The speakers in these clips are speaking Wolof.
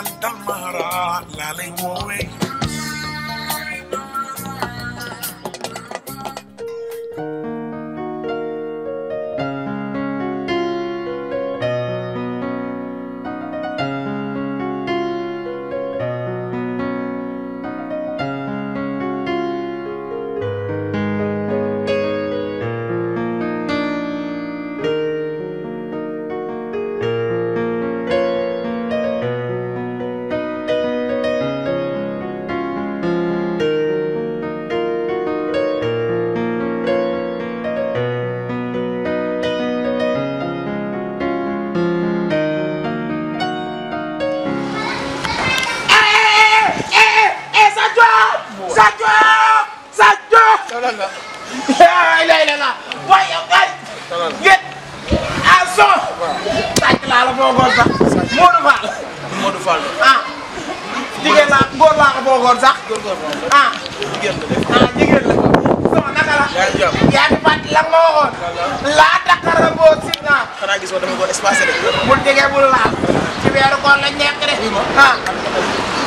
i them done, Mahara, lally, woe. Tolong enggak? Ya, ilah ilah Get. Aso. Ah. bogor Ah. Ah, Ah.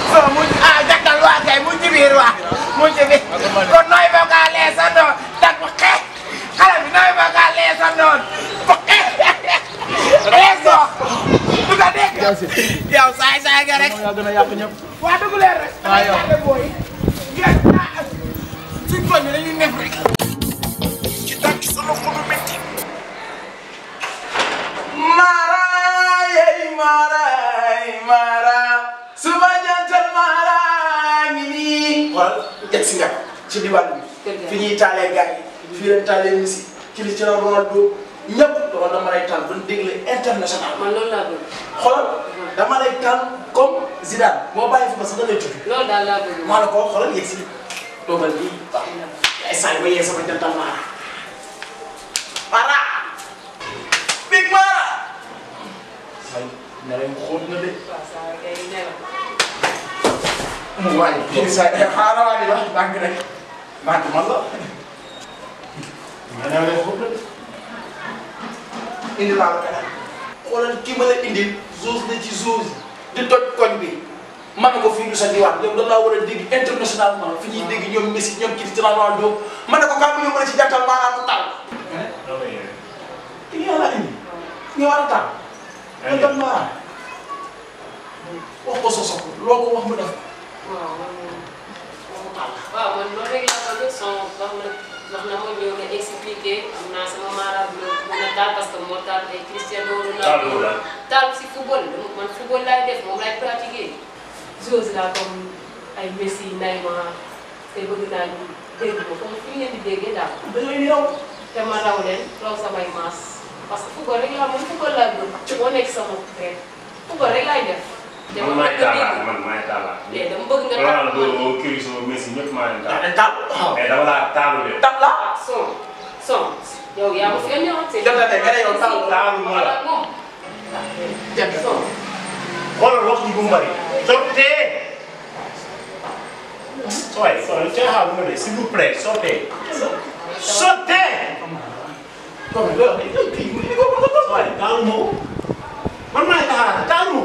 So ah jàkkal waa kay mu ci biir waa. Mu yow saay saay nga rek. yaa gën a yàq ñëpp. waa dugg leen rek. waaw yow da ngay tànn booy. ngeen ah suñu koñ dañuy neef rek. ci dàq sama xolu métti. Mara yey Mara yey Mara. suma jantal Mara ngi nii. wala egg si nga ci diwaan bi. fi ñuy taalee gars yi. fii leen taalee misi. ci li ci la Ronaldo. ñëpp dama dama lay tànn ba dégg la international. man loolu laa bëgg. xoolal dama comme Zidane moo bàyyi fi ma sax loolu daal laa bëgg. ko xoolal yegg si doogal lii baax na ay saa yu ma yee sama jantal maara. maara. big maara. waaye nare mu xóot na de. waaw saa yoo kay nelaw. waaye kii saa yi xaaral waa di wax ndànk rek ndànk man la. ma ne la xóot na de. indi laa la kanam xoolal ki ma la indil zose na ci zose di toj bi man ko fii du sa diwaan yow da laa war a dégg fi ñuy dégg ñoom Messi ñoom kii di Ronaldo dóob man ko kan mu mën a ci jàttal maanaam mu taal eh? yaa la indi ñu war a taal ñu eh? dal maanaam wax ko sa soxla loo ko wax ko waaw man moom waaw man loolu rek ndax na ma ñëw nga expliqué am naa sama maaraam bu mën a taal parce que moo taal ay Cristiano Ronaldo taal si football man football laay def moom laay pratiqué joueurs la comme ay Messi Neymar te bëgg naa ñu dégg ma comme fi ngeen di déggee daal da ngay yow te ma raw leen raw samay maas parce que football rek laa moom football laa gën moo nekk sama rek football rek laay def man maay tàllaat man eh, maay tàllaat. mais dama bëgg nga tàllaat loolu Chris Messi ñëpp maa leen tàll. tàll mais dama laa tàllu de. tàll la son son yow yaa ma fi nga ñëwaat. jot na tey nga ne yow tàllu tàllu ma la. xoolal wax ji bu mu bëri. sottee. waaye xoolal ca xaar bu ma dee s'il vous plaît sottee. sottee. comme loolu. waaye tàllu ma man maay tàllaat tàllu.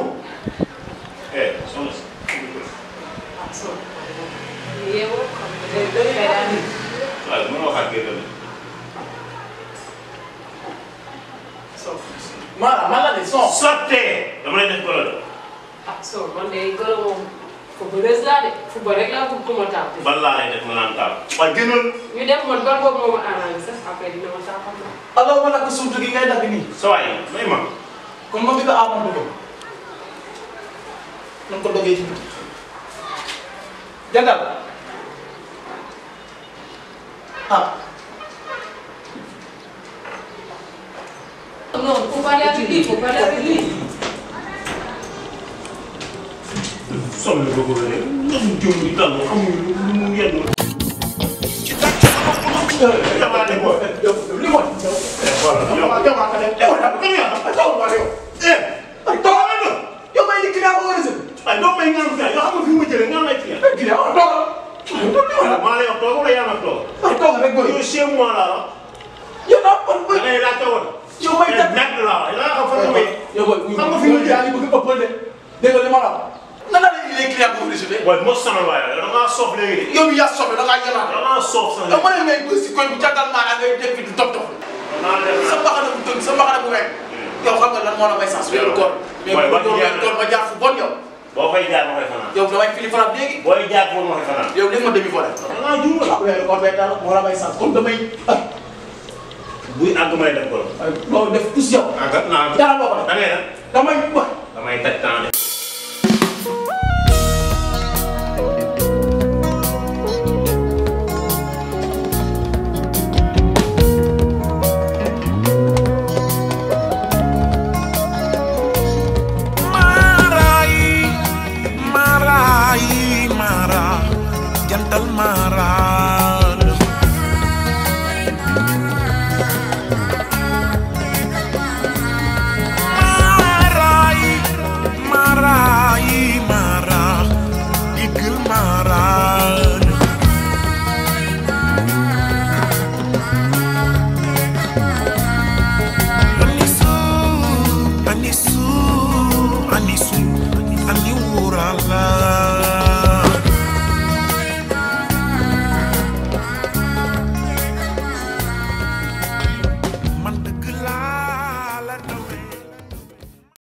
so man de gëlëmoo football rek laa de football rek laa bëgg ma taal. ban laa lay def ma naan taal. waaye gënal. ñu def man ban boobu moo ma arrangé sax après dina ma taal xam naa. alors ma lakk suuf ah. non, faut parler avec lui, faut parler avec lui. sonn nga ko wéree ñoom jëm di dal amuñu lu mu yenn. Eh, eh, eh, jamaale ko li ko. voilà jamaale jamaale ne teewul daal bu ñu yàlla ba tawul wala yow. ay tawul la ñu. yow may ni client boo rësëb. ay doo may ñaan client yoo xam nga fi mu jëlee ñaan ay client. client waaw toogal. maa lay wax toogal wala yaa ma toogal. ay toogal rek booy yow chez moi la. yow daa kon booy. da ngay laajte woon. yow may def nag la waaw yow daa xam fan nga may. yow booy xam nga fi mu jëlee yaa ngi bëgg ëppal de dégg nga li ma la wax. nan la ñuy indee client boobu rejeté. waaye moo sonal waaye da ngaa soof léegi. yow yaa soof da ngaa yalaat. da ngaa soof sax léegi. dama lay bëri si koñ bi jàngal maa ngay dégg fi du topp topp. sa mbaxana bu tënk sa mbaxana bu weeg. Hmm. yow xam nga lan moo la may sens. weeru koor mais bu ñu doon koor ma jaar fu bon yow. boo koy jaar ma koy fanaan. yow damay fili fanaan léegi. booy jaar foofu ma koy fanaan. yow léegi ma demi fanaan. da ngaa juum la. weeru koor bee daal moo la may sens comme damay. buy àgg may def ko. loolu def tous yow. ah kat naa. dara boo ko def da ngay def damay wax. damay teg temps ani sun ani wurala.